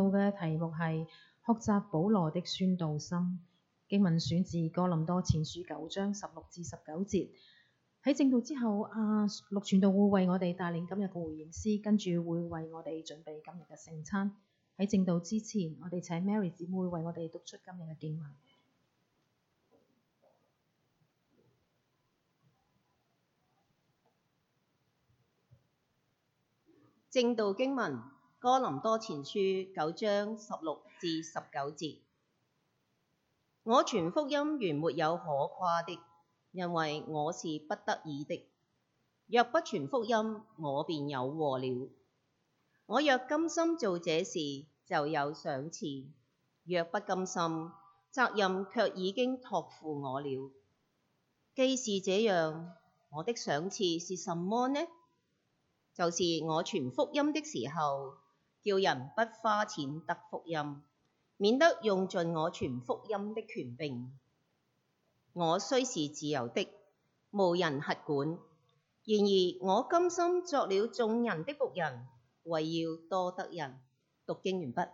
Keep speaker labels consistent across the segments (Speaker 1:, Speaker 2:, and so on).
Speaker 1: 道嘅題目係學習保羅的宣道心。經文選自哥林多前書九章十六至十九節。喺正道之後，阿陸傳道會為我哋帶領今日嘅回應詩，跟住會為我哋準備今日嘅聖餐。喺正道之前，我哋請 Mary 姊妹為我哋讀出今日嘅經文。正道經文。哥林多前書九章十六至十九節：我傳福音原沒有可誇的，因為我是不得已的。若不傳福音，我便有禍了。我若甘心做這事，就有賞賜；若不甘心，責任卻已經托付我了。既是這樣，我的賞賜是什麼呢？就是我傳福音的時候。叫人不花錢得福音，免得用盡我傳福音的權柄。我雖是自由的，無人轄管，然而我甘心作了眾人的僕人，為要多得人。讀經完畢。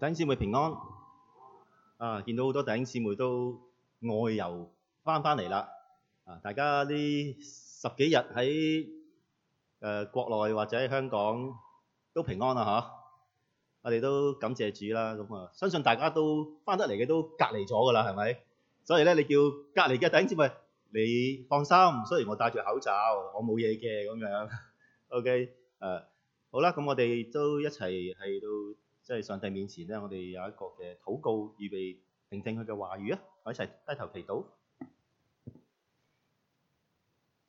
Speaker 1: 弟兄姊妹平安啊！見到好多弟兄姊妹都外遊翻返嚟啦啊！大家呢十幾日喺誒國內或者香港都平安啦吓，我哋都感謝主啦咁啊！相信大家都翻得嚟嘅都隔離咗㗎啦，係咪？所以咧，你叫隔離嘅弟兄姊妹，你放心，雖然我戴住口罩，我冇嘢嘅咁樣。OK，誒好啦，咁我哋都一齊喺度。即係上帝面前咧，我哋有一個嘅禱告，預備聆聽佢嘅話語啊！我一齊低頭祈禱：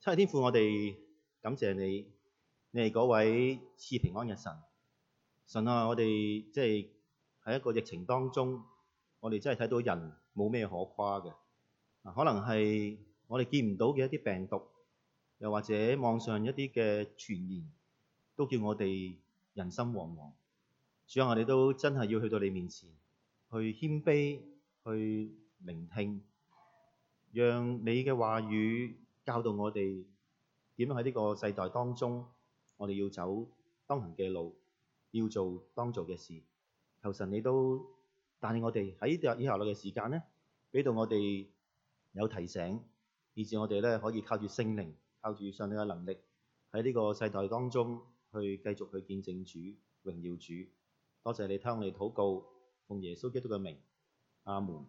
Speaker 1: 「七日天父，我哋感謝你，你係嗰位賜平安嘅神。神啊，我哋即係喺一個疫情當中，我哋真係睇到人冇咩可誇嘅。可能係我哋見唔到嘅一啲病毒，又或者網上一啲嘅傳言，都叫我哋人心惶惶。主啊，我哋都真係要去到你面前，去謙卑，去聆聽，讓你嘅話語教導我哋點樣喺呢個世代當中，我哋要走當行嘅路，要做當做嘅事。求神你都帶領，但係我哋喺以下落嘅時間咧，俾到我哋有提醒，以至我哋咧可以靠住聖靈靠住上帝嘅能力，喺呢個世代當中去繼續去見證主榮耀主。多謝你聽我哋禱告，奉耶穌基督嘅名，阿門。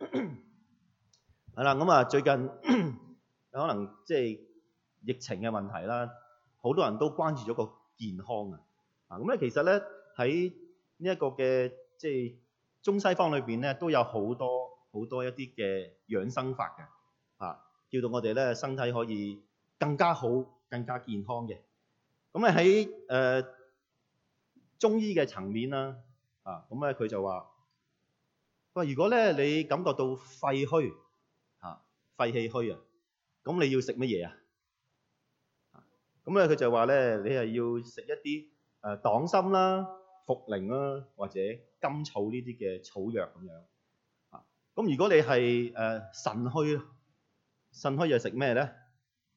Speaker 1: 係啦，咁啊最近可能即係疫情嘅問題啦，好多人都關注咗個健康啊。啊，咁咧其實咧喺呢一個嘅即係中西方裏邊咧都有好多好多一啲嘅養生法嘅，啊，叫到我哋咧身體可以更加好、更加健康嘅。咁咧喺誒。中醫嘅層面啦，啊，咁咧佢就話，喂，如果咧你感覺到肺虛，啊，肺氣虛啊，咁你要食乜嘢啊？咁咧佢就話咧，你係要食一啲誒黨蔘啦、茯、呃啊、苓啦，或者甘草呢啲嘅草藥咁樣。啊，咁、啊、如果你係誒腎虛，腎虛又食咩咧？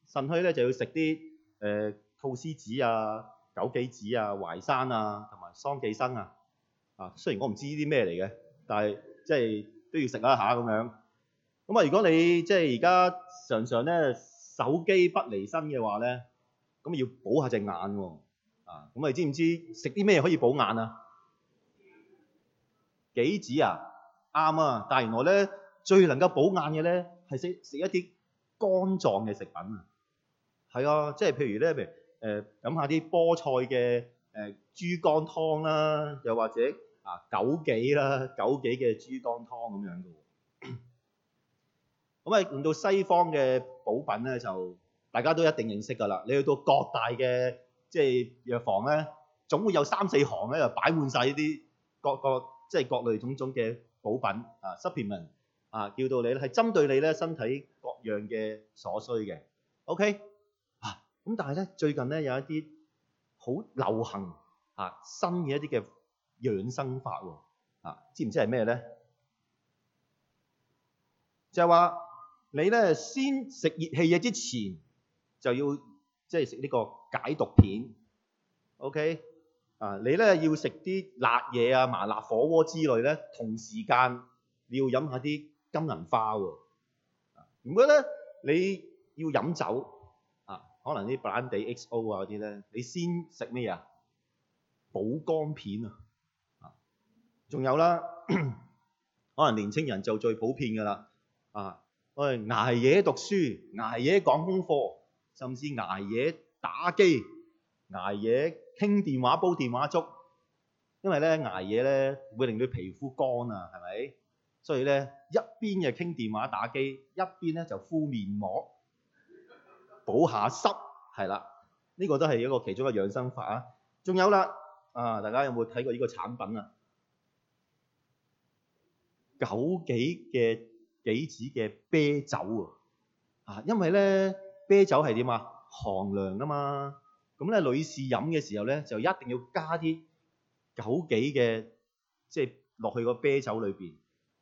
Speaker 1: 腎虛咧就要食啲誒菟絲子啊。枸杞子啊、淮山啊、同埋桑寄生啊，啊，雖然我唔知呢啲咩嚟嘅，但係即係都要食一下咁樣。咁啊，如果你即係而家常常咧手機不離身嘅話咧，咁要補下隻眼喎、啊。啊，咁你知唔知食啲咩可以補眼啊？杞子啊，啱啊，但係原來咧最能夠補眼嘅咧係食食一啲肝臟嘅食品啊。係啊，即係譬如咧，譬如。誒飲、嗯、下啲菠菜嘅誒豬肝湯啦，又或者啊枸杞啦、枸杞嘅豬肝湯咁樣嘅喎。咁啊，用到 西方嘅補品咧，就大家都一定認識㗎啦。你去到各大嘅即係藥房咧，總會有三四行咧，就擺滿晒呢啲各個即係各類種種嘅補品啊，supplement 啊，叫到你咧係針對你咧身體各樣嘅所需嘅。OK。但係最近咧有一啲好流行，新嘅一啲嘅養生法喎，嚇知唔知係咩呢？就係話你咧先食熱氣嘢之前就要即係食呢個解毒片，OK？啊，你咧要食啲辣嘢啊，麻辣火鍋之類咧，同時間你要飲下啲金銀花喎，如果咧，你要飲酒。可能啲板地 XO 啊嗰啲咧，你先食咩啊？保肝片啊，啊，仲有啦，可能年青人就最普遍㗎喇，啊，我哋捱夜讀書、捱夜講功課，甚至捱夜打機、捱夜傾電話煲電話粥，因為咧捱夜咧會令你皮膚乾啊，係咪？所以咧一邊就傾電話打機，一邊咧就敷面膜。補下濕係啦，呢、這個都係一個其中嘅養生法啊。仲有啦，啊，大家有冇睇過呢個產品啊？枸杞嘅杞子嘅啤酒啊，啊，因為咧啤酒係點啊，寒涼啊嘛。咁咧女士飲嘅時候咧，就一定要加啲枸杞嘅，即係落去個啤酒裏邊。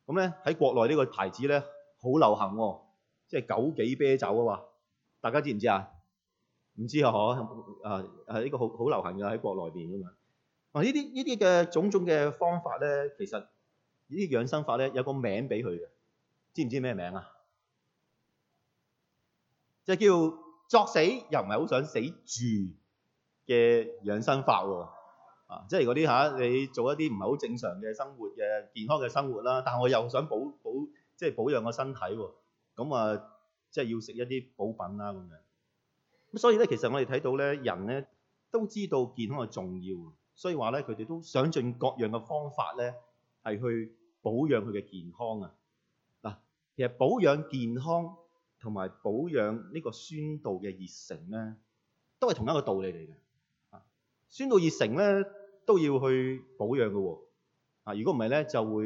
Speaker 1: 咁咧喺國內呢個牌子咧好流行喎、啊，即、就、係、是、枸杞啤酒啊嘛。大家知唔知，知啊？唔知啊，可啊啊呢個好好流行嘅喺國內邊㗎嘛。啊呢啲呢啲嘅種種嘅方法咧，其實呢啲養生法咧有個名俾佢嘅，知唔知咩名啊？即係叫作死又唔係好想死住嘅養生法喎、啊。啊，即係嗰啲嚇你做一啲唔係好正常嘅生活嘅健康嘅生活啦，但係我又想保保即係保養個身體喎。咁啊～即係要食一啲補品啦、啊，咁樣。咁所以咧，其實我哋睇到咧，人咧都知道健康係重要，所以話咧，佢哋都想盡各樣嘅方法咧，係去保養佢嘅健康啊。嗱，其實保養健康同埋保養呢個酸度嘅熱誠咧，都係同一個道理嚟嘅。啊，酸度熱誠咧都要去保養嘅喎。啊，如果唔係咧，就會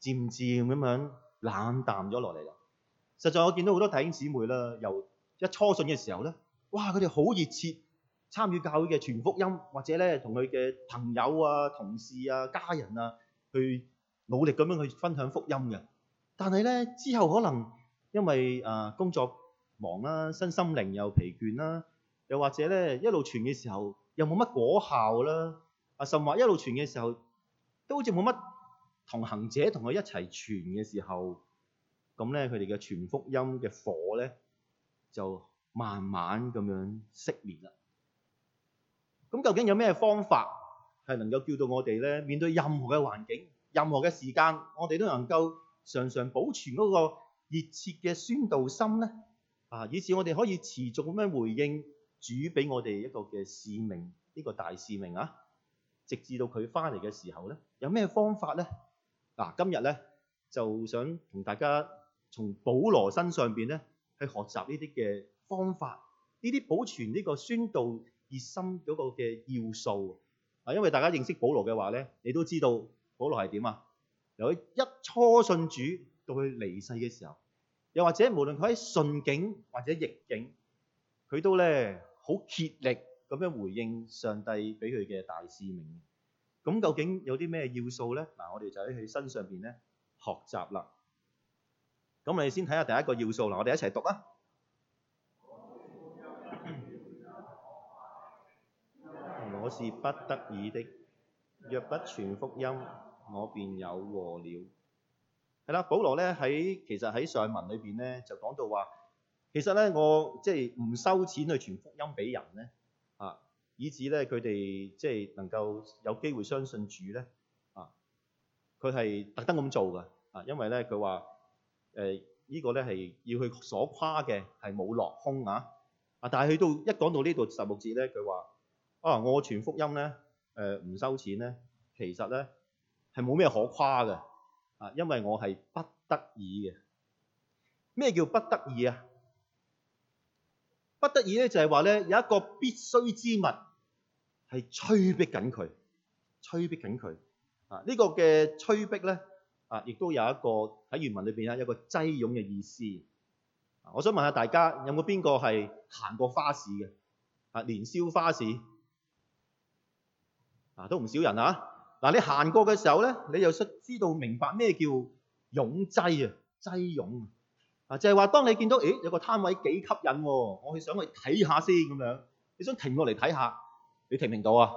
Speaker 1: 漸漸咁樣冷淡咗落嚟。實在我見到好多弟兄姊妹啦，由一初信嘅時候咧，哇，佢哋好熱切參與教會嘅傳福音，或者咧，同佢嘅朋友啊、同事啊、家人啊，去努力咁樣去分享福音嘅。但係咧，之後可能因為誒、呃、工作忙啦，身心靈又疲倦啦，又或者咧，一路傳嘅時候又冇乜果效啦。甚至話一路傳嘅時候都好似冇乜同行者同佢一齊傳嘅時候。咁咧，佢哋嘅全福音嘅火咧，就慢慢咁樣熄滅啦。咁究竟有咩方法係能夠叫到我哋咧，面對任何嘅環境、任何嘅時間，我哋都能夠常常保存嗰個熱切嘅宣道心咧？啊，以至我哋可以持續咁樣回應主俾我哋一個嘅使命，呢個大使命啊，直至到佢翻嚟嘅時候咧，有咩方法咧？嗱、啊，今日咧就想同大家。從保羅身上邊咧，去學習呢啲嘅方法，呢啲保存呢個宣道熱心嗰個嘅要素啊！因為大家認識保羅嘅話咧，你都知道保羅係點啊？由佢一初信主到佢離世嘅時候，又或者無論佢喺順境或者逆境，佢都咧好竭力咁樣回應上帝俾佢嘅大使命。咁究竟有啲咩要素咧？嗱，我哋就喺佢身上邊咧學習啦。咁我哋先睇下第一個要素啦，我哋一齊讀啊。我是不得已的，若不傳福音，我便有禍了。係啦，保羅咧喺其實喺上文裏邊咧就講到話，其實咧我即係唔收錢去傳福音俾人咧，啊，以至咧佢哋即係能夠有機會相信主咧，啊，佢係特登咁做㗎，啊，因為咧佢話。誒依、呃這個咧係要去所誇嘅係冇落空啊！啊，但係去到一講到呢度十六節咧，佢話：啊，我傳福音咧，誒、呃、唔收錢咧，其實咧係冇咩可誇嘅啊，因為我係不得已嘅。咩、啊、叫不得已啊？不得已咧就係話咧有一個必須之物係催逼緊佢，催逼緊佢啊！這個、吹呢個嘅催逼咧。啊，亦都有一個喺原文裏邊啊，有個擠擁嘅意思，啊。我想問下大家，有冇邊個係行過花市嘅？啊，年宵花市啊，都唔少人啊。嗱，啊，你行過嘅時候咧，你又識知道明白咩叫擁擠啊？擠擁啊！啊，就係話，當你見到，誒，有個攤位幾吸引喎，我係想去睇下先咁樣。你想停落嚟睇下看看，你停唔停到啊？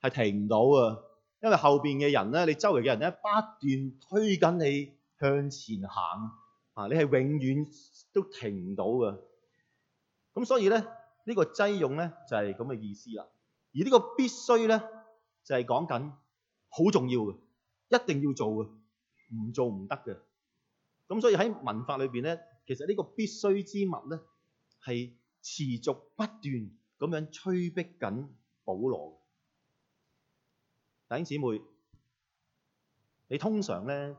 Speaker 1: 係停唔到啊！因為後邊嘅人咧，你周圍嘅人咧不斷推緊你向前行，啊，你係永遠都停唔到嘅。咁所以咧，這個、呢、就是、個擠擁咧就係咁嘅意思啦。而呢個必須咧就係講緊好重要嘅，一定要做嘅，唔做唔得嘅。咁所以喺文法裏邊咧，其實呢個必須之物咧係持續不斷咁樣催逼緊保羅。兄弟姊妹，你通常呢，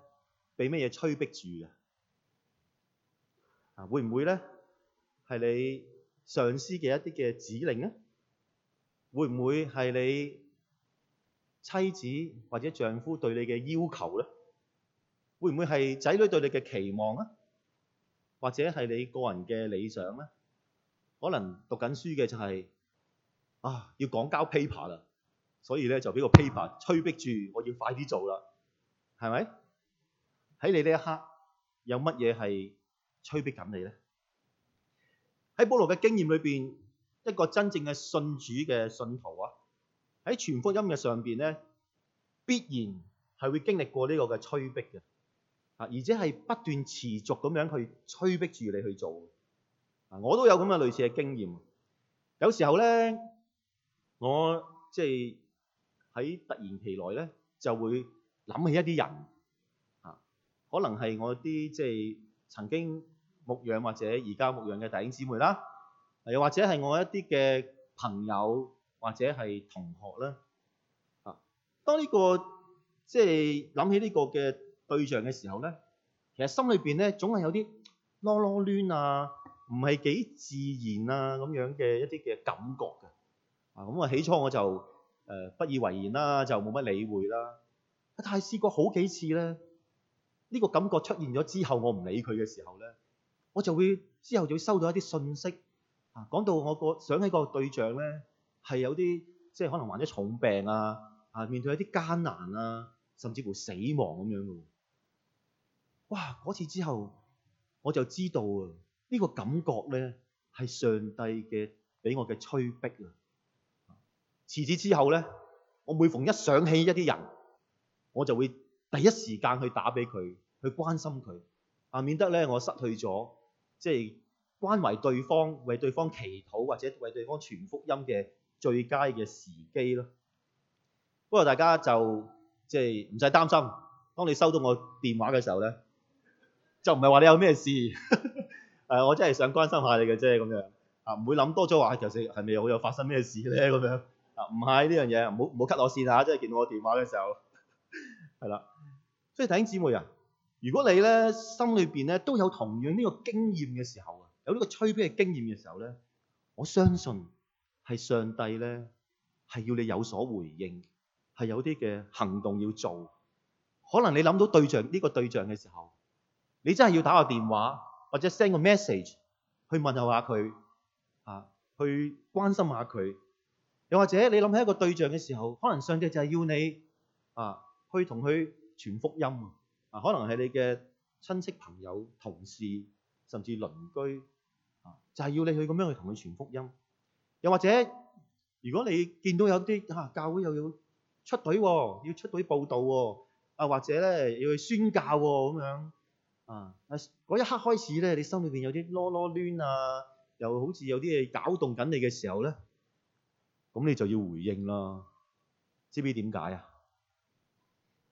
Speaker 1: 被咩嘢催逼住嘅？啊，會唔會呢？係你上司嘅一啲嘅指令呢？會唔會係你妻子或者丈夫對你嘅要求呢？會唔會係仔女對你嘅期望呢？或者係你個人嘅理想呢？可能讀緊書嘅就係、是、啊，要趕交 paper 啦。所以咧就俾個 paper 催逼住，我要快啲做啦，係咪？喺你，你呢一刻有乜嘢係催逼緊你咧？喺保羅嘅經驗裏邊，一個真正嘅信主嘅信徒啊，喺傳福音嘅上邊咧，必然係會經歷過呢個嘅催逼嘅，啊，而且係不斷持續咁樣去催逼住你去做。啊，我都有咁嘅類似嘅經驗。有時候咧，我即係。喺突然其來咧，就會諗起一啲人啊，可能係我啲即係曾經牧養或者而家牧養嘅弟兄姊妹啦，又、啊、或者係我一啲嘅朋友或者係同學啦啊。當呢、呢個即係諗起呢個嘅對象嘅時候咧，其實心裏邊咧總係有啲囉囉攣啊，唔係幾自然啊咁樣嘅一啲嘅感覺㗎啊。咁、嗯、啊，起初我就。誒、呃、不以為然啦，就冇乜理會啦。但係試過好幾次咧，呢、呢個感覺出現咗之後，我唔理佢嘅時候咧，我就會之後就會收到一啲訊息，啊講到我個想起個對象咧係有啲即係可能患咗重病啊，啊面對一啲艱難啊，甚至乎死亡咁樣嘅。哇！嗰次之後我就知道啊，呢、呢個感覺咧係上帝嘅俾我嘅催迫啊。自此之後咧，我每逢一想起一啲人，我就會第一時間去打俾佢，去關心佢，啊，免得咧我失去咗即係關懷對方、為對方祈禱或者為對方傳福音嘅最佳嘅時機咯。不過大家就即係唔使擔心，當你收到我電話嘅時候咧，就唔係話你有咩事，誒， 我真係想關心下你嘅啫，咁樣啊，唔會諗多咗話其實係咪會有發生咩事咧咁樣。啊，唔係呢樣嘢，唔好唔好 cut 我線下即係見到我電話嘅時候，係 啦。所以弟兄姊妹啊，如果你咧心裏邊咧都有同樣呢個經驗嘅時候，有呢個催逼嘅經驗嘅時候咧，我相信係上帝咧係要你有所回應，係有啲嘅行動要做。可能你諗到對象呢、呢個對象嘅時候，你真係要打個電話或者 send 個 message 去問候下佢，啊，去關心下佢。又或者你諗起一個對象嘅時候，可能上帝就係要你啊去同佢傳福音啊，可能係你嘅親戚朋友、同事甚至鄰居啊，就係要你去咁樣去同佢傳福音。又或者如果你見到有啲嚇教會又要出隊喎，要出隊佈道喎，啊或者咧要去宣教喎咁樣啊，嗰一刻開始咧，你心裏邊有啲囉囉攣啊，又好似有啲嘢搞動緊你嘅時候咧。咁你就要回應啦。知唔知點解啊？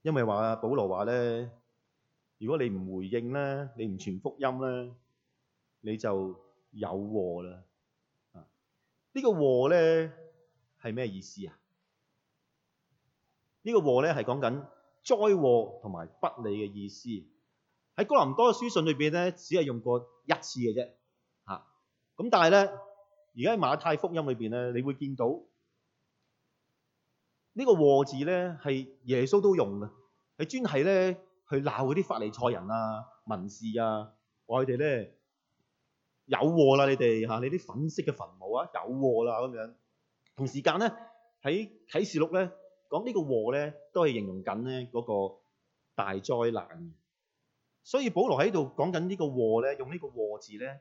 Speaker 1: 因為話啊，保羅話咧，如果你唔回應咧，你唔傳福音咧，你就有禍啦。啊、這個，呢個禍咧係咩意思啊？呢個禍咧係講緊災禍同埋不利嘅意思。喺、這、哥、個、林多嘅書信裏邊咧，只係用過一次嘅啫。嚇、啊，咁但係咧，而家喺馬太福音裏邊咧，你會見到。個呢個禍字咧，係耶穌都用嘅，係專係咧去鬧嗰啲法利賽人啊、文士啊，話佢哋咧有禍啦、啊！你哋嚇，你啲粉飾嘅墳墓啊，有禍啦咁樣。同時間咧，喺啟示錄咧講呢講個禍咧，都係形容緊咧嗰個大災難。所以保羅喺度講緊呢個禍咧，用個呢個禍字咧，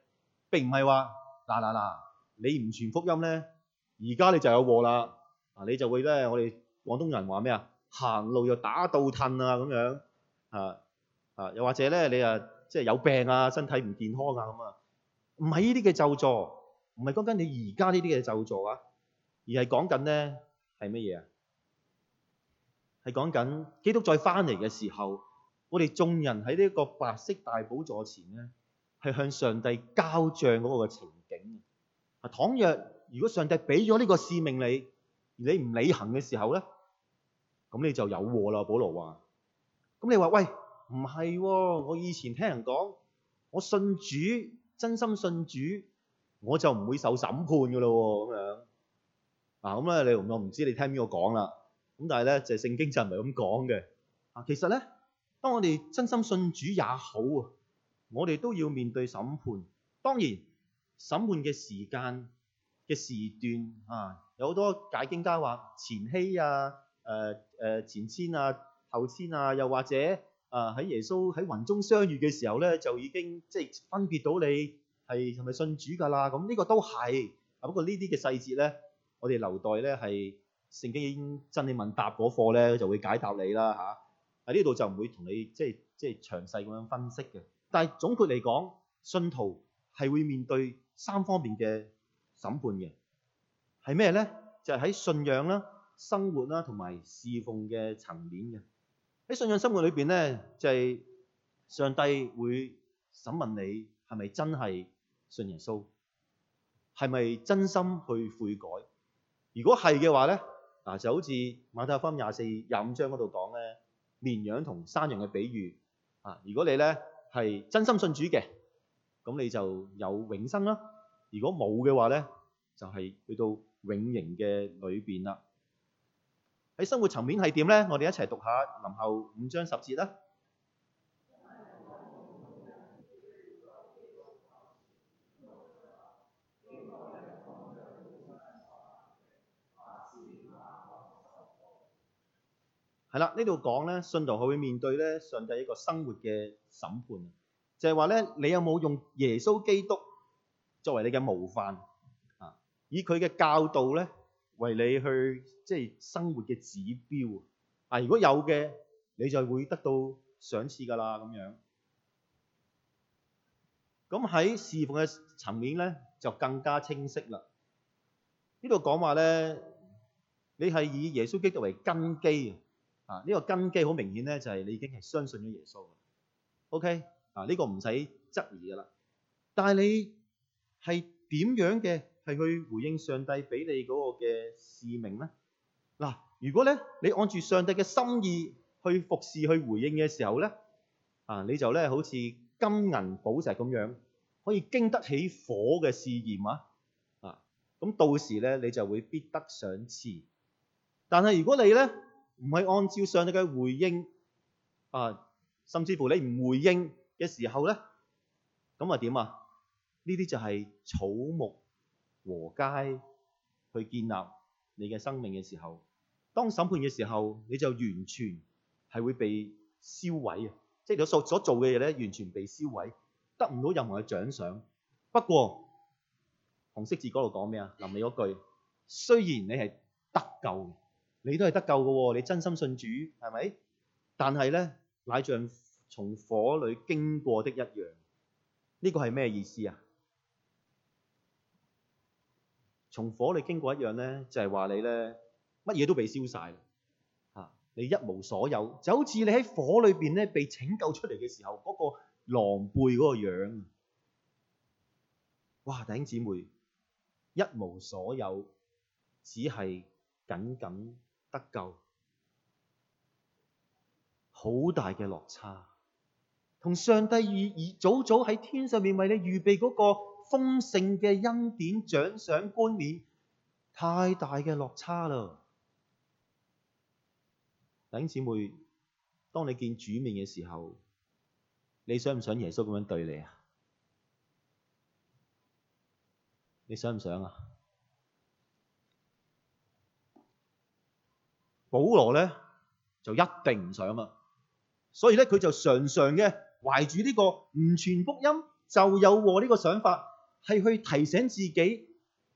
Speaker 1: 並唔係話嗱嗱嗱，你唔傳福音咧，而家你就有禍啦。啊！你就會咧，我哋廣東人話咩啊？行路又打倒褪啊咁樣啊啊！又或者咧，你啊即係有病啊，身體唔健康啊咁啊，唔係呢啲嘅咒詛，唔係講緊你而家呢啲嘅咒詛啊，而係講緊咧係乜嘢啊？係講緊基督再翻嚟嘅時候，我哋眾人喺呢個白色大寶座前咧，係向上帝交賬嗰個嘅情景啊。倘若如果上帝俾咗呢個使命你，你唔履行嘅時候咧，咁你就有禍啦。保羅話，咁你話喂，唔係喎，我以前聽人講，我信主，真心信主，我就唔會受審判㗎咯喎，咁、啊、樣。嗱、嗯、咁、嗯、咧，你、嗯嗯、我唔知你聽邊個講啦。咁但係咧，就聖經就唔係咁講嘅。啊，其實咧，當我哋真心信主也好啊，我哋都要面對審判。當然，審判嘅時間，嘅時段啊，有好多解經家話前期啊，誒、呃、誒、呃、前千啊、後千啊，又或者啊喺、呃、耶穌喺雲中相遇嘅時候咧，就已經即係分別到你係係咪信主㗎啦？咁呢個都係，啊，不過呢啲嘅細節咧，我哋留待咧係聖經，已經真理問答嗰課咧就會解答你啦嚇。喺呢度就唔會同你即係即係詳細咁樣分析嘅。但係總括嚟講，信徒係會面對三方面嘅。審判嘅係咩咧？就係喺信仰啦、生活啦同埋侍奉嘅層面嘅。喺信仰生活裏邊咧，就係上帝會審問你係咪真係信耶穌，係咪真心去悔改？如果係嘅話咧，嗱就好似馬太福音廿四廿五章嗰度講咧，綿羊同山羊嘅比喻啊！如果你咧係真心信主嘅，咁你就有永生啦。如果冇嘅話咧，就係、是、去到永刑嘅裏邊啦。喺生活層面係點咧？我哋一齊讀下林後五章十節啦。係啦， 呢度講咧，信徒會面對咧上帝一個生活嘅審判，就係話咧，你有冇用耶穌基督？作為你嘅模範啊，以佢嘅教導咧為你去即係生活嘅指標啊。如果有嘅，你就會得到賞賜㗎啦。咁樣咁喺侍奉嘅層面咧就更加清晰啦。呢度講話咧，你係以耶穌基督為根基啊。呢個根基好明顯咧，就係你已經係相信咗耶穌。OK 啊，呢個唔使質疑㗎啦。但係你。係點樣嘅？係去回應上帝俾你嗰個嘅使命咧。嗱，如果咧你按住上帝嘅心意去服侍、去回應嘅時候咧，啊，你就咧好似金銀寶石咁樣，可以經得起火嘅試驗啊。啊，咁到時咧你就會必得賞賜。但係如果你咧唔係按照上帝嘅回應啊，甚至乎你唔回應嘅時候咧，咁啊點啊？呢啲就係草木禾稭去建立你嘅生命嘅時候，當審判嘅時候，你就完全係會被燒毀啊！即係你所所做嘅嘢咧，完全被燒毀，得唔到任何嘅獎賞。不過紅色字嗰度講咩啊？臨尾嗰句：雖然你係得救，你都係得救嘅喎，你真心信主係咪？但係咧，乃像從火裏經過的一樣，呢、這個係咩意思啊？同火你經過一樣咧，就係話你咧，乜嘢都被燒晒，嚇，你一無所有，就好似你喺火裏邊咧被拯救出嚟嘅時候，嗰個狼狽嗰個樣，哇！弟兄姊妹，一無所有，只係僅僅得救，好大嘅落差，同上帝預早早喺天上面為你預備嗰個。豐盛嘅恩典獎賞冠冕太大嘅落差啦！弟兄姊妹，當你見主面嘅時候，你想唔想耶穌咁樣對你啊？你想唔想啊？保羅咧就一定唔想啊！所以咧，佢就常常嘅懷住呢個唔傳福音就有禍呢個想法。係去提醒自己，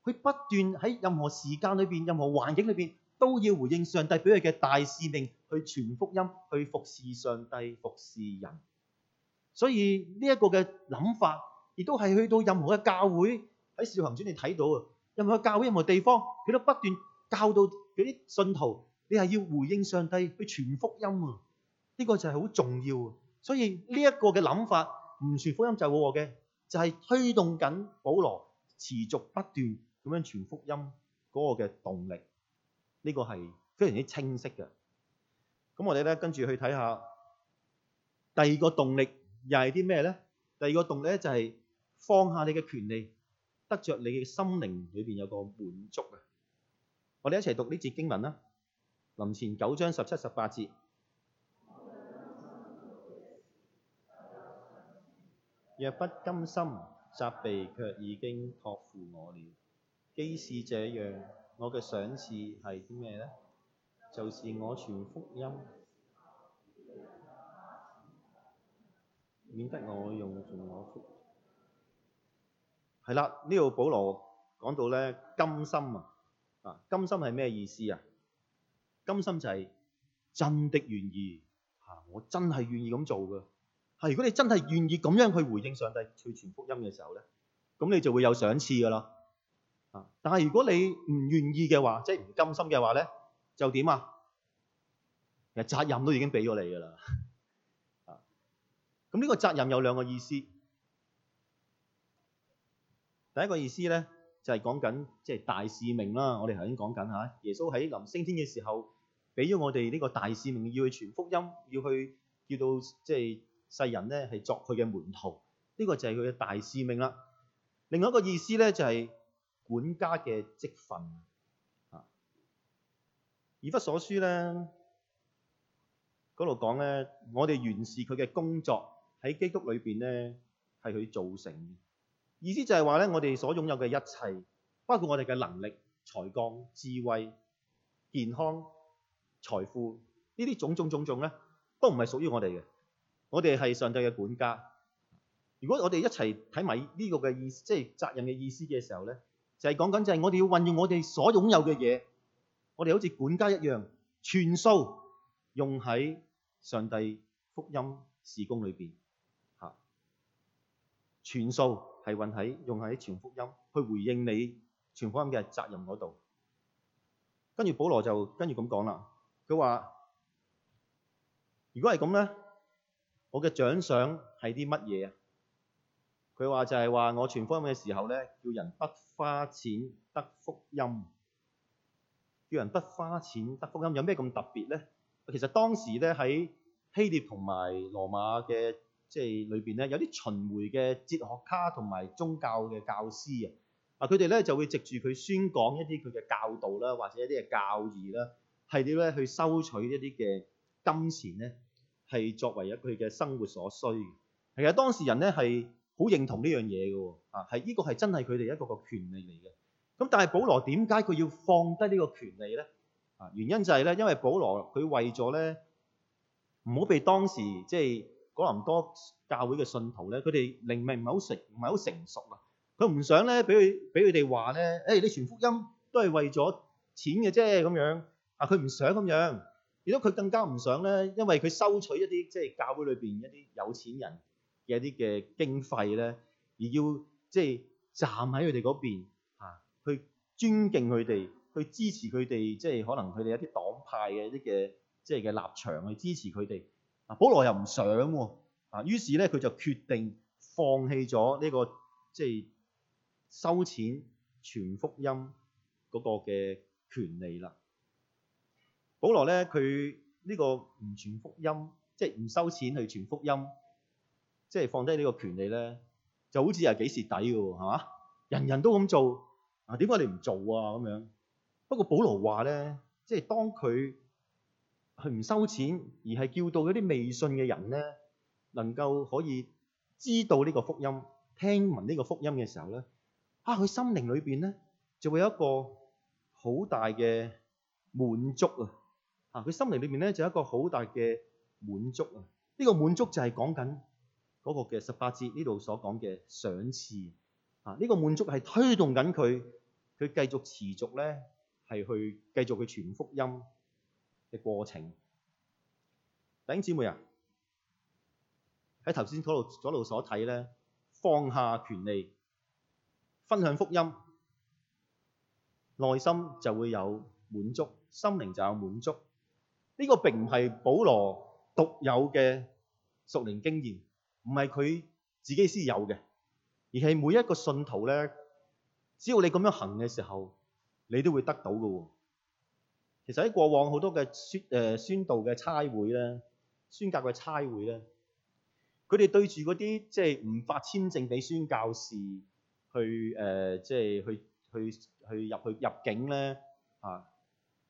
Speaker 1: 佢不斷喺任何時間裏邊、任何環境裏邊，都要回應上帝俾佢嘅大使命，去傳福音，去服侍上帝、服侍人。所以呢一個嘅諗法，亦都係去到任何嘅教會喺《使徒行傳》你睇到啊，任何嘅教會、任何地方，佢都不斷教導佢啲信徒，你係要回應上帝去傳福音啊！呢個就係好重要。所以呢一個嘅諗法，唔傳福音就冇我嘅，就係推動緊保羅持續不斷咁樣傳福音嗰個嘅動力，呢個係非常之清晰嘅。咁我哋咧跟住去睇下第二個動力又係啲咩咧？第二個動力咧就係放下你嘅權利，得着你嘅心靈裏邊有個滿足啊！我哋一齊讀呢節經文啦，林前九章十七十八節。若不甘心，責備卻已經托付我了。既是這樣，我嘅賞賜係啲咩咧？就是我傳福音，免得我用盡我福。係啦，呢度保羅講到咧，甘心啊！啊，甘心係咩意思啊？甘心就係真的願意啊！我真係願意咁做嘅。係，如果你真係願意咁樣去回應上帝去傳福音嘅時候咧，咁你就會有賞賜噶啦。啊，但係如果你唔願意嘅話，即係唔甘心嘅話咧，就點啊？其實責任都已經俾咗你噶啦。啊，咁呢個責任有兩個意思。第一個意思咧，就係講緊即係大使命啦。我哋頭先講緊嚇，耶穌喺臨升天嘅時候俾咗我哋呢個大使命，要去傳福音，要去叫到即係。就是世人咧係作佢嘅門徒，呢、這個就係佢嘅大使命啦。另外一個意思咧就係、是、管家嘅職份啊。以弗所書咧嗰度講咧，我哋原是佢嘅工作喺基督裏邊咧係佢造成嘅，意思就係話咧，我哋所擁有嘅一切，包括我哋嘅能力、才幹、智慧、健康、財富呢啲種種種種咧，都唔係屬於我哋嘅。我哋係上帝嘅管家。如果我哋一齊睇埋呢個嘅意思，即係責任嘅意思嘅時候咧，就係講緊就係我哋要運用我哋所擁有嘅嘢，我哋好似管家一樣，全數用喺上帝福音事工裏邊嚇。全數係運喺用喺全福音去回應你全福音嘅責任嗰度。跟住保羅就跟住咁講啦，佢話：如果係咁咧。我嘅獎賞係啲乜嘢？佢話就係話我傳福音嘅時候咧，叫人不花錢得福音，叫人不花錢得福音，有咩咁特別咧？其實當時咧喺希臘同埋羅馬嘅即係裏邊咧，有啲巡迴嘅哲學家同埋宗教嘅教師啊，啊佢哋咧就會藉住佢宣講一啲佢嘅教導啦，或者一啲嘅教義啦，係點咧去收取一啲嘅金錢咧？係作為一佢嘅生活所需。其實當事人咧係好認同呢樣嘢嘅，啊，係呢個係真係佢哋一個個權利嚟嘅。咁但係保羅點解佢要放低呢個權利咧？啊，原因就係咧，因為保羅佢為咗咧，唔好畀當時即係哥林多教會嘅信徒咧，佢哋靈命唔係好成唔係好成熟啊。佢唔想咧俾佢俾佢哋話咧，誒你傳福音都係為咗錢嘅啫咁樣啊，佢唔想咁樣。如果佢更加唔想咧，因為佢收取一啲即係教會裏邊一啲有錢人嘅一啲嘅經費咧，而要即係、就是、站喺佢哋嗰邊去尊敬佢哋，去支持佢哋，即係可能佢哋一啲黨派嘅一啲嘅即係嘅立場去支持佢哋，啊。啊，保羅又唔想喎，啊，於是咧佢就決定放棄咗呢個即係收錢傳福音嗰個嘅權利啦。保羅咧，佢呢個唔傳福音，即係唔收錢去傳福音，即係放低呢個權利咧，就好似係幾蝕底嘅，係嘛？人人都咁做，啊，點解你唔做啊？咁樣。不過保羅話咧，即係當佢佢唔收錢，而係叫到嗰啲未信嘅人咧，能夠可以知道呢個福音，聽聞呢個福音嘅時候咧，啊，佢心靈裏邊咧，就會有一個好大嘅滿足啊！啊！佢心靈裏面咧就有一個好大嘅滿足啊！呢個滿足就係講緊嗰個嘅十八節呢度所講嘅賞賜啊！呢個滿足係推動緊佢，佢繼續持續咧係去繼續去傳福音嘅過程。弟兄姊妹啊，喺頭先嗰度左度所睇咧，放下權利，分享福音，內心就會有滿足，心靈就有滿足。呢個並唔係保羅獨有嘅屬靈經驗，唔係佢自己先有嘅，而係每一個信徒咧，只要你咁樣行嘅時候，你都會得到嘅喎、哦。其實喺過往好多嘅宣誒宣道嘅差會咧，宣教嘅差會咧，佢哋對住嗰啲即係唔發簽證俾宣教士去誒，即、呃、係、就是、去去去入去入境咧啊。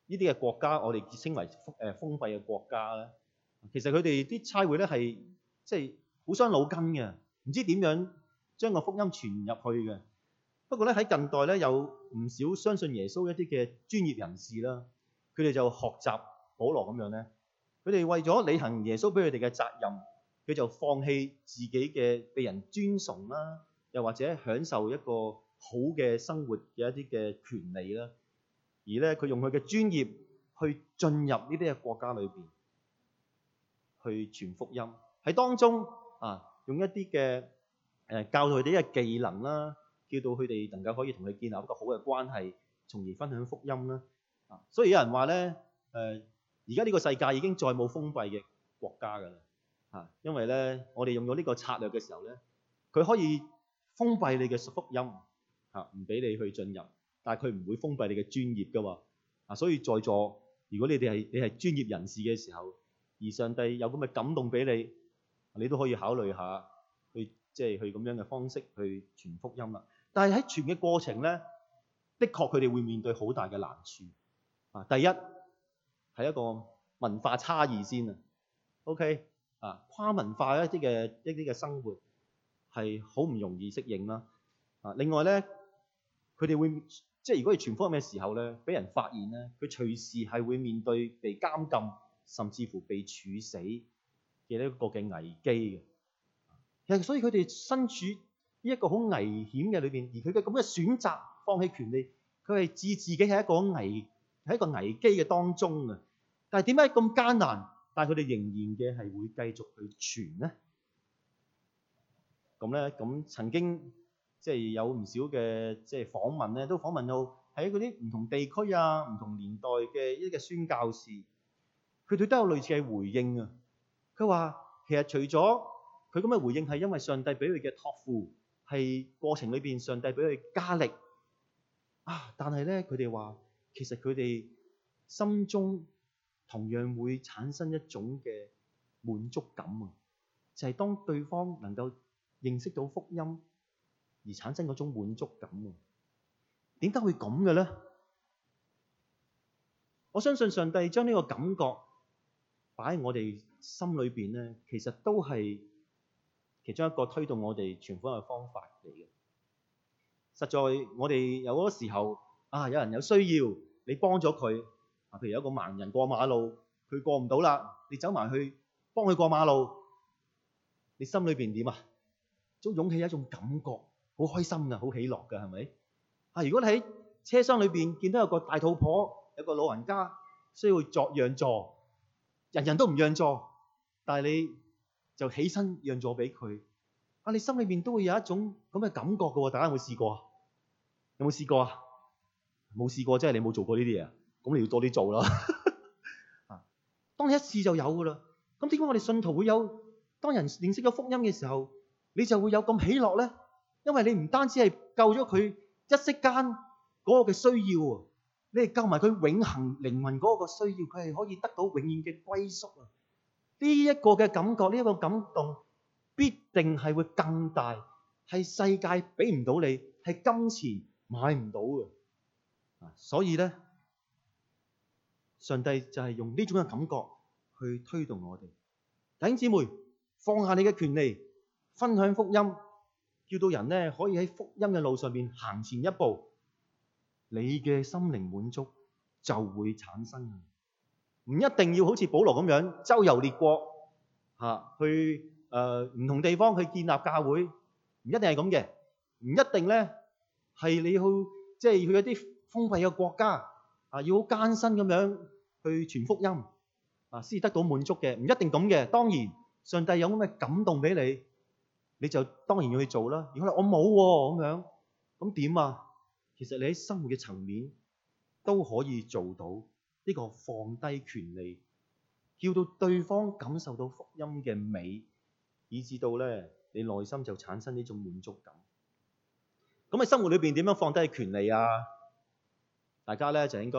Speaker 1: 呢啲嘅國家，我哋稱為封誒封閉嘅國家咧。其實佢哋啲差會咧係即係好傷腦筋嘅，唔知點樣將個福音傳入去嘅。不過咧，喺近代咧，有唔少相信耶穌一啲嘅專業人士啦，佢哋就學習保羅咁樣咧。佢哋為咗履行耶穌俾佢哋嘅責任，佢就放棄自己嘅被人尊崇啦，又或者享受一個好嘅生活嘅一啲嘅權利啦。而咧，佢用佢嘅專業去進入呢啲嘅國家裏邊，去傳福音。喺當中啊，用一啲嘅誒教導佢哋一啲技能啦，叫到佢哋能夠可以同佢建立一個好嘅關係，從而分享福音啦。啊，所以有人話咧，誒、呃，而家呢個世界已經再冇封閉嘅國家㗎啦。嚇、啊，因為咧，我哋用咗呢個策略嘅時候咧，佢可以封閉你嘅福音嚇，唔、啊、俾你去進入。但係佢唔會封閉你嘅專業㗎喎，啊，所以在座如果你哋係你係專業人士嘅時候，而上帝有咁嘅感動俾你，你都可以考慮下去，即係去咁樣嘅方式去傳福音啦。但係喺傳嘅過程咧，的確佢哋會面對好大嘅難處。啊，第一係一個文化差異先啊，OK 啊，跨文化一啲嘅一啲嘅生活係好唔容易適應啦。啊，另外咧，佢哋會。即係如果要傳福音嘅時候咧，俾人發現咧，佢隨時係會面對被監禁，甚至乎被處死嘅一個嘅危機嘅。其實所以佢哋身處呢一個好危險嘅裏邊，而佢嘅咁嘅選擇放棄權利，佢係置自己係一個危係一個危機嘅當中啊。但係點解咁艱難，但係佢哋仍然嘅係會繼續去傳咧？咁咧，咁曾經。即係有唔少嘅即係訪問咧，都訪問到喺嗰啲唔同地區啊、唔同年代嘅一啲嘅宣教士，佢哋都有類似嘅回應啊。佢話其實除咗佢咁嘅回應係因為上帝俾佢嘅託付，係過程裏邊上帝俾佢加力啊，但係咧佢哋話其實佢哋心中同樣會產生一種嘅滿足感啊，就係當對方能夠認識到福音。而產生嗰種滿足感嘅，點解會咁嘅咧？我相信上帝將呢個感覺擺喺我哋心裏邊咧，其實都係其中一個推動我哋傳福音嘅方法嚟嘅。實在我哋有嗰個時候啊，有人有需要，你幫咗佢啊，譬如有一個盲人過馬路，佢過唔到啦，你走埋去幫佢過馬路，你心裏邊點啊？總湧起一種感覺。好開心呀，好喜樂噶，係咪？啊！如果你喺車廂裏邊見到有個大肚婆，有個老人家需要作讓座，人人都唔讓座，但係你就起身讓座俾佢，啊！你心裏面都會有一種咁嘅感覺嘅喎，大家有冇試過啊？有冇試過啊？冇試過，即係你冇做過呢啲嘢，咁、嗯、你要多啲做咯。 啊，當你一試就有嘅啦。咁點解我哋信徒會有？當人認識咗福音嘅時候，你就會有咁喜樂咧？因為你唔單止係救咗佢一息間嗰個嘅需要，你係救埋佢永恒靈魂嗰個需要，佢係可以得到永遠嘅歸宿啊！呢一個嘅感覺，呢一個感動，必定係會更大，係世界俾唔到你，係金錢買唔到嘅。啊，所以咧，上帝就係用呢種嘅感覺去推動我哋，弟兄姊妹放下你嘅權利，分享福音。叫到人咧可以喺福音嘅路上面行前一步，你嘅心靈滿足就會產生。唔一定要好似保羅咁樣周遊列國嚇去誒，唔同地方去建立教會，唔一定係咁嘅。唔一定咧係你去即係去一啲封閉嘅國家啊，要好艱辛咁樣去傳福音啊，先得到滿足嘅。唔一定咁嘅。當然上帝有咁嘅感動俾你。你就當然要去做啦。如果我冇喎咁樣，咁點啊？其實你喺生活嘅層面都可以做到呢個放低權利，叫到對方感受到福音嘅美，以至到咧你內心就產生呢種滿足感。咁喺生活裏邊點樣放低權利啊？大家咧就應該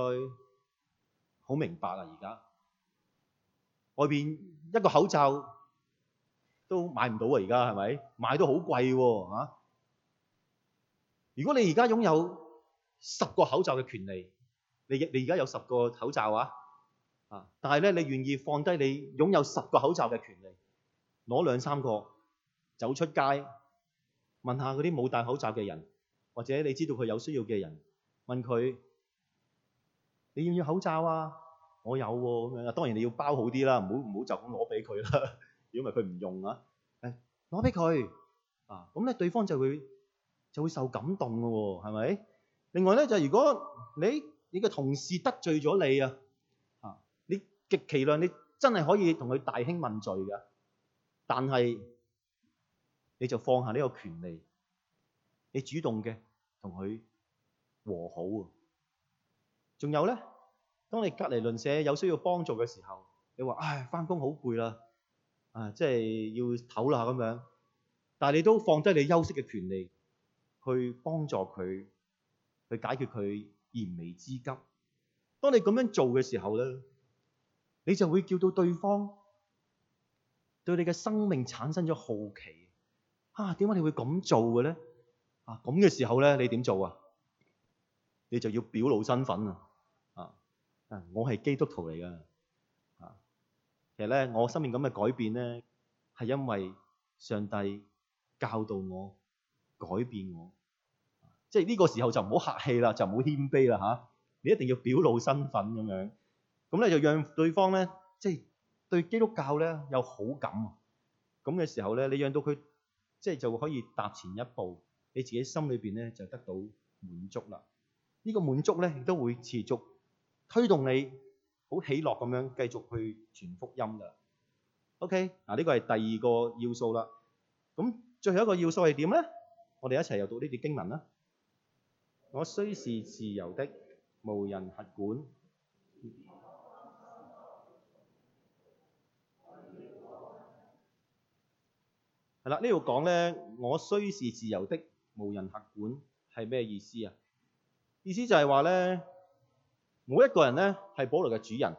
Speaker 1: 好明白啦！而家外邊一個口罩。都買唔到啊！而家係咪買都好貴喎嚇？如果你而家擁有十個口罩嘅權利，你你而家有十個口罩啊啊！但係咧，你願意放低你擁有十個口罩嘅權利，攞兩三個走出街，問下嗰啲冇戴口罩嘅人，或者你知道佢有需要嘅人，問佢你要唔要口罩啊？我有喎，咁樣當然你要包好啲啦，唔好唔好就咁攞俾佢啦。如果唔係，佢唔用啊，誒，攞俾佢啊，咁咧對方就會就會受感動嘅喎，係咪？另外咧就如果你你嘅同事得罪咗你啊，啊，你極其量你真係可以同佢大興問罪嘅，但係你就放下呢個權利，你主動嘅同佢和好啊。仲有咧，當你隔離鄰舍有需要幫助嘅時候，你話唉返工好攰啦。啊，即係要唞下咁樣，但係你都放低你休息嘅權利，去幫助佢，去解決佢燃眉之急。當你咁樣做嘅時候咧，你就會叫到對方對你嘅生命產生咗好奇。啊，點解你會咁做嘅咧？啊，咁嘅時候咧，你點做啊？你就要表露身份啊！啊啊，我係基督徒嚟㗎。其實咧，我生命咁嘅改變咧，係因為上帝教導我改變我，即係呢個時候就唔好客氣啦，就唔好謙卑啦嚇，你一定要表露身份咁樣，咁咧就讓對方咧，即係對基督教咧有好感，咁嘅時候咧，你讓到佢，即係就會可以踏前一步，你自己心裏邊咧就得到滿足啦。呢個滿足咧亦都會持續推動你。好起落咁樣繼續去傳福音㗎。OK，嗱呢個係第二個要素啦。咁最後一個要素係點咧？我哋一齊又讀呢啲經文啦。我雖是自由的，無人轄管。係啦，呢度講咧，我雖是自由的，無人轄管係咩意思啊？意思就係話咧。每一個人咧，係保羅嘅主人，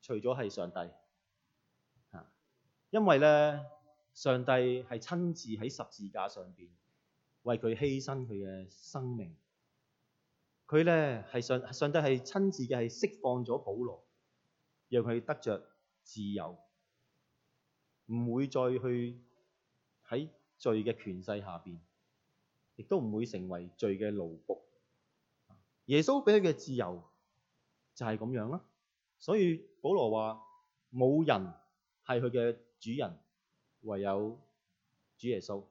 Speaker 1: 除咗係上帝嚇。因為咧，上帝係親自喺十字架上邊為佢犧牲佢嘅生命，佢咧係上上帝係親自嘅係釋放咗保羅，讓佢得着自由，唔會再去喺罪嘅權勢下邊，亦都唔會成為罪嘅奴僕。耶穌俾佢嘅自由就係咁樣啦，所以保羅話：冇人係佢嘅主人，唯有主耶穌，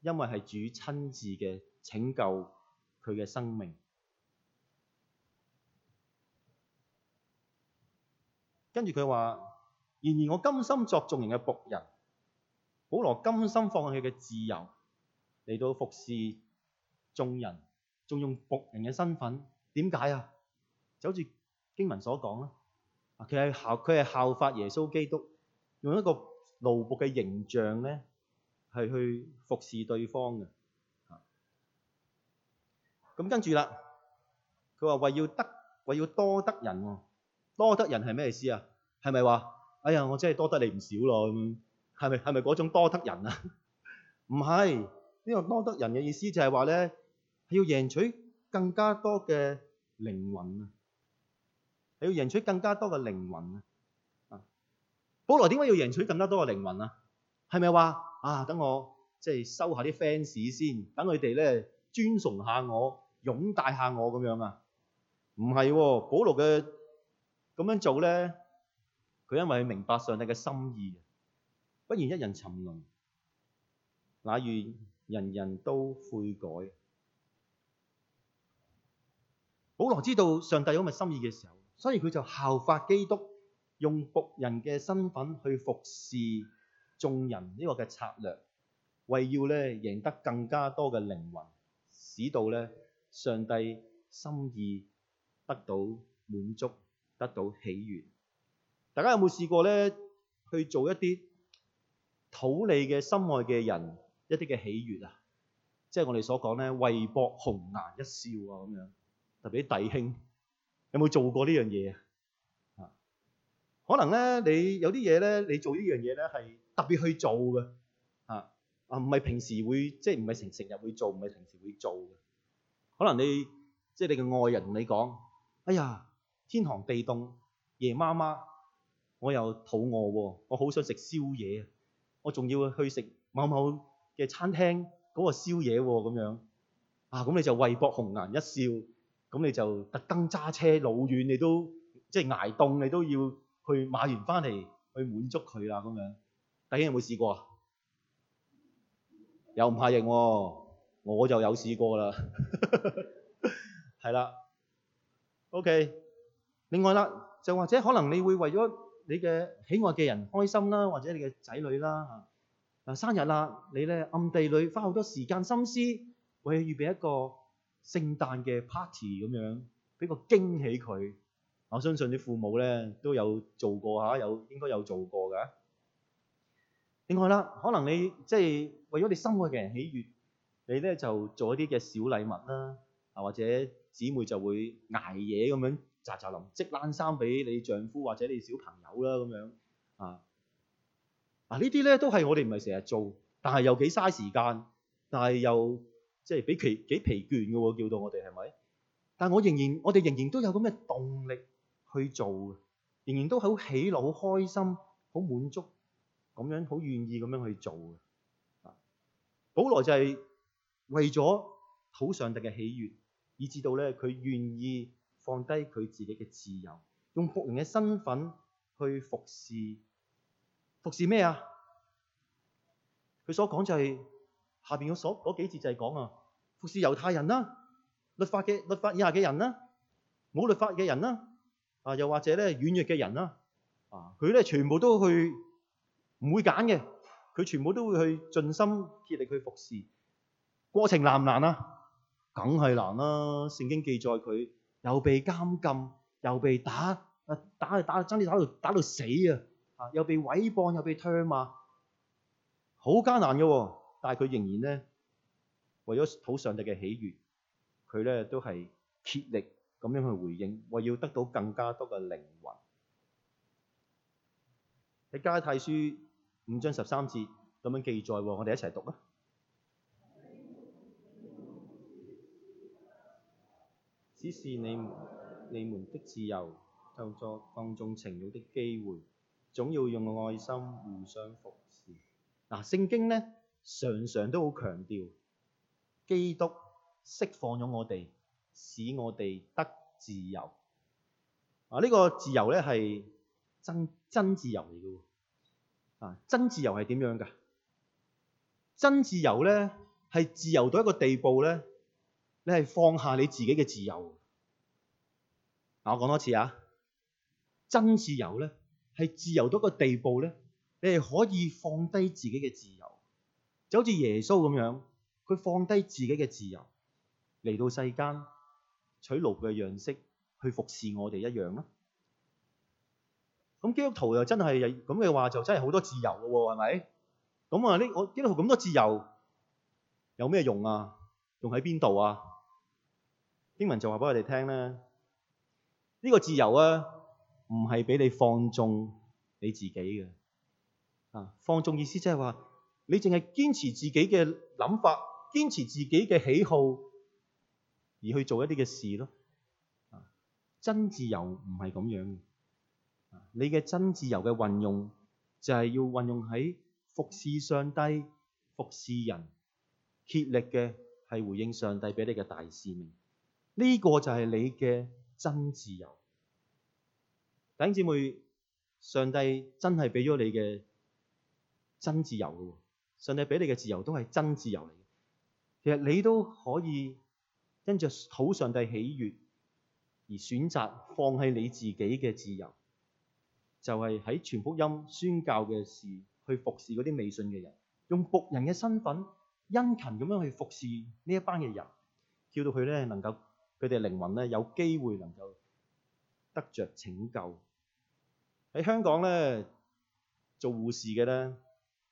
Speaker 1: 因為係主親自嘅拯救佢嘅生命。跟住佢話：然而我甘心作眾人嘅僕人，保羅甘心放棄佢嘅自由嚟到服侍眾人。仲用僕人嘅身份，點解啊？就好似經文所講啦，佢係效佢係效法耶穌基督，用一個奴僕嘅形象咧，係去服侍對方嘅。咁跟住啦，佢話為要得，為要多得人喎。多得人係咩意思啊？係咪話哎呀，我真係多得你唔少咯咁樣？係咪係咪嗰種多得人啊？唔係，呢個多得人嘅意思就係話咧。要贏取更加多嘅靈魂啊！你要贏取更加多嘅靈魂啊！啊！保羅點解要贏取更加多嘅靈魂啊？係咪話啊？等我即係收下啲 fans 先，等佢哋咧尊崇下我，擁戴下我咁樣啊？唔係、啊，保羅嘅咁樣做咧，佢因為明白上帝嘅心意，不然一人沉淪，乃願人人都悔改。保羅知道上帝有咁嘅心意嘅時候，所以佢就效法基督，用僕人嘅身份去服侍眾人呢個嘅策略，為要咧贏得更加多嘅靈魂，使到咧上帝心意得到滿足，得到喜悦。大家有冇試過咧去做一啲討你嘅心愛嘅人一啲嘅喜悦啊？即係我哋所講咧，為博紅顏一笑啊咁樣。特別啲弟兄有冇做過呢樣嘢啊？可能咧，你有啲嘢咧，你做呢樣嘢咧係特別去做嘅啊。啊，唔係平時會即係唔係成成日會做，唔係平時會做嘅。可能你即係、就是、你嘅愛人同你講，哎呀，天寒地凍，夜媽媽我又肚餓喎，我好想食宵夜，我仲要去食某某嘅餐廳嗰個宵夜喎，咁樣啊，咁、啊、你就為博紅顏一笑。咁你就特登揸車老遠，你都即係挨凍，你都要去買完翻嚟去滿足佢啦。咁樣，大家有冇試過啊？又唔怕型喎，我就有試過啦。係 啦，OK。另外啦，就或者可能你會為咗你嘅喜愛嘅人開心啦，或者你嘅仔女啦嚇嗱生日啦，你咧暗地裏花好多時間心思，為預備一個聖誕嘅 party 咁樣俾個驚喜佢，我相信啲父母咧都有做過嚇，有應該有做過嘅。另外啦，可能你即係為咗你心愛嘅人喜悅，你咧就做一啲嘅小禮物啦，啊或者姊妹就會捱夜咁樣扎扎臨，即冷衫俾你丈夫或者你小朋友啦咁樣啊。嗱，呢啲咧都係我哋唔係成日做，但係又幾嘥時間，但係又～即係俾其幾疲倦嘅喎，叫到我哋係咪？但我仍然，我哋仍然都有咁嘅動力去做嘅，仍然都好喜樂、好開心、好滿足咁樣，好願意咁樣去做嘅。啊，保羅就係為咗討上帝嘅喜悦，以至到咧佢願意放低佢自己嘅自由，用僕人嘅身份去服侍。服侍咩啊？佢所講就係、是。下邊我所嗰幾節就係講啊，服侍猶太人啦、啊，律法嘅律法以下嘅人啦、啊，冇律法嘅人啦、啊，啊又或者咧軟弱嘅人啦、啊，啊佢咧全部都去唔會揀嘅，佢全部都會去盡心竭力去服侍。過程難唔難啊？梗係難啦、啊！聖經記載佢又被監禁，又被打，啊打打，爭啲打到打到死啊！啊又被毀謗，又被唾罵，好艱難嘅喎、啊。但佢仍然呢，為咗討上帝嘅喜悅，佢呢都係竭力咁樣去回應，為要得到更加多嘅靈魂。喺加拉太書五章十三節咁樣記載喎，我哋一齊讀啦。只是你們你們的自由就作放縱情慾的機會，總要用愛心互相服侍。嗱、啊，聖經呢，常常都好強調，基督釋放咗我哋，使我哋得自由。啊，呢、這個自由咧係真真自由嚟嘅喎。啊，真自由係點樣嘅？真自由咧係自由到一個地步咧，你係放下你自己嘅自由。嗱、啊，我講多次啊，真自由咧係自由到一個地步咧，你係可以放低自己嘅自由。就好似耶穌咁樣，佢放低自己嘅自由嚟到世間取奴嘅樣式去服侍我哋一樣咯。咁基督徒又真係咁嘅話，就真係好多自由嘅喎，係咪？咁啊，呢我基督徒咁多自由有咩用啊？仲喺邊度啊？經文就話俾我哋聽咧，呢、呢個自由啊，唔係俾你放縱你自己嘅啊！放縱意思即係話。你淨係堅持自己嘅諗法，堅持自己嘅喜好而去做一啲嘅事咯。啊，真自由唔係咁樣嘅。你嘅真自由嘅運用就係要運用喺服侍上帝、服侍人、竭力嘅係回應上帝俾你嘅大使命。呢個就係你嘅真自由。弟兄姊妹，上帝真係俾咗你嘅真自由喎。上帝俾你嘅自由都係真自由嚟嘅，其實你都可以因着討上帝喜悅而選擇放棄你自己嘅自由，就係喺傳福音宣教嘅事去服侍嗰啲未信嘅人，用僕人嘅身份殷勤咁樣去服侍呢一班嘅人，叫到佢咧能夠佢哋靈魂咧有機會能夠得着拯救。喺香港咧，做護士嘅咧。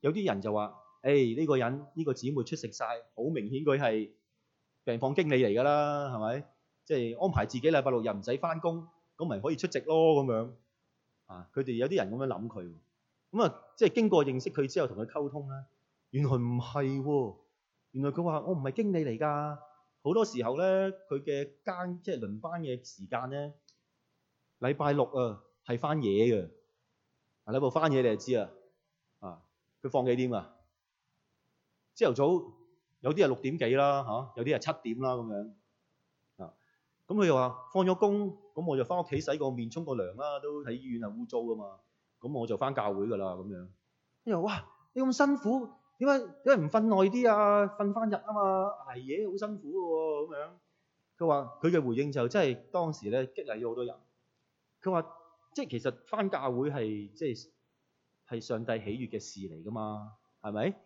Speaker 1: 有啲人就話：誒呢個人呢個姊妹出席晒，好明顯佢係病房經理嚟㗎啦，係咪？即係安排自己禮拜六日唔使翻工，咁咪可以出席咯咁樣。啊，佢哋有啲人咁樣諗佢。咁啊，即係經過認識佢之後同佢溝通咧，原來唔係喎。原來佢話：我唔係經理嚟㗎。好多時候咧，佢嘅間即係輪班嘅時間咧，禮拜六啊係翻夜嘅。禮拜六翻夜你就知啊。佢放幾點,點,點啊？朝頭早有啲係六點幾啦嚇，有啲係七點啦咁樣啊。咁佢又話放咗工，咁我就翻屋企洗個面、沖個涼啦，都喺醫院係污糟噶嘛。咁我就翻教會噶啦咁樣。佢又話：你咁辛苦，為為點解點解唔瞓耐啲啊？瞓翻日啊嘛，捱夜好辛苦喎、啊。咁樣，佢話佢嘅回應就真、是、係當時咧激勵咗好多人。佢話即係其實翻教會係即係。係上帝喜悅嘅事嚟噶嘛？係咪？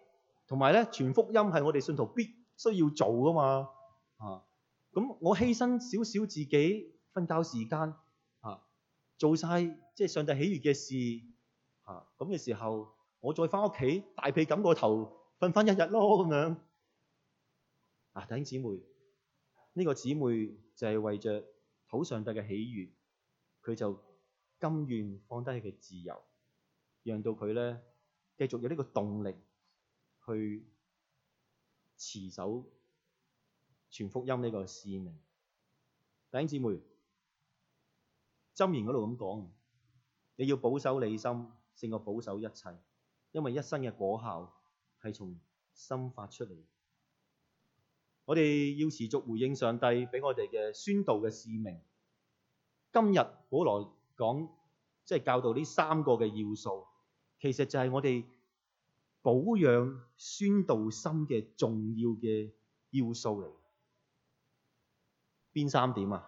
Speaker 1: 同埋咧，傳福音係我哋信徒必須要做噶嘛？啊，咁我犧牲少少自己瞓覺時間，啊，做晒即係上帝喜悅嘅事，啊，咁嘅時候，我再翻屋企大被冚過頭瞓翻一日咯咁樣。啊，弟兄姊妹，呢、這個姊妹就係為着討上帝嘅喜悅，佢就甘願放低佢嘅自由。讓到佢呢繼續有呢個動力去持守傳福音呢個使命。弟兄姊妹，箴言嗰度咁講，你要保守你心，勝過保守一切，因為一生嘅果效係從心發出嚟。我哋要持續回應上帝俾我哋嘅宣道嘅使命。今日保羅講，即係教導呢三個嘅要素。其實就係我哋保養酸度心嘅重要嘅要素嚟。邊三點啊？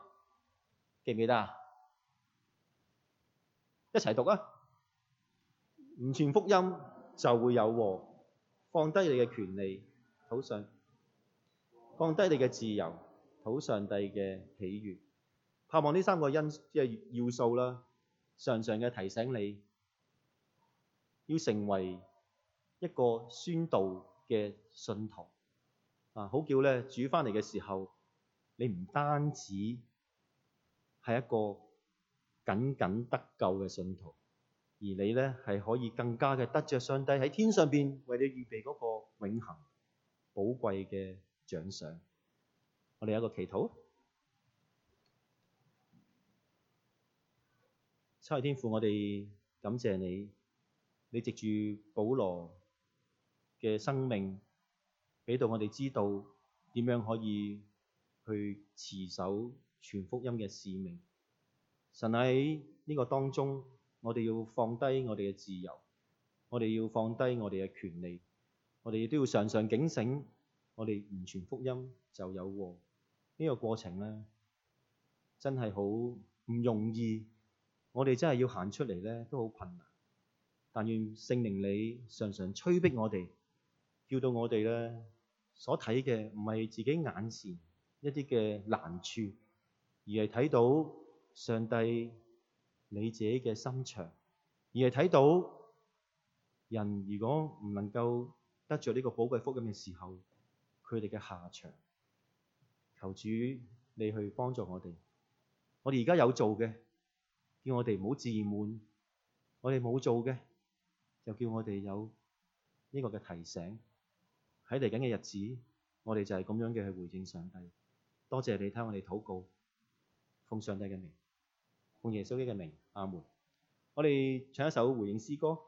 Speaker 1: 記唔記得啊？一齊讀啊！唔傳福音就會有禍。放低你嘅權利，討上帝；放低你嘅自由，討上帝嘅喜悅。盼望呢三個因即係要素啦，常常嘅提醒你。要成為一個宣道嘅信徒啊！好叫咧主翻嚟嘅時候，你唔單止係一個僅僅得救嘅信徒，而你咧係可以更加嘅得着上帝喺天上邊為你預備嗰個永恆寶貴嘅獎賞。我哋有一個祈禱，七位天父，我哋感謝你。你藉住保羅嘅生命，俾到我哋知道點樣可以去持守傳福音嘅使命。神喺呢個當中，我哋要放低我哋嘅自由，我哋要放低我哋嘅權利，我哋亦都要常常警醒，我哋唔傳福音就有禍。呢、呢個過程咧，真係好唔容易，我哋真係要行出嚟咧，都好困難。但願聖靈你常常催逼我哋，叫到我哋咧所睇嘅唔係自己眼前一啲嘅難處，而係睇到上帝你自己嘅心腸，而係睇到人如果唔能夠得着呢個寶貴福音嘅時候，佢哋嘅下場。求主你去幫助我哋，我哋而家有做嘅，叫我哋唔好自滿；我哋冇做嘅。又叫我哋有呢個嘅提醒，喺嚟緊嘅日子，我哋就係咁樣嘅去回應上帝。多謝你聽我哋禱告，奉上帝嘅名，奉耶穌基督嘅名，阿門。我哋唱一首回應詩歌。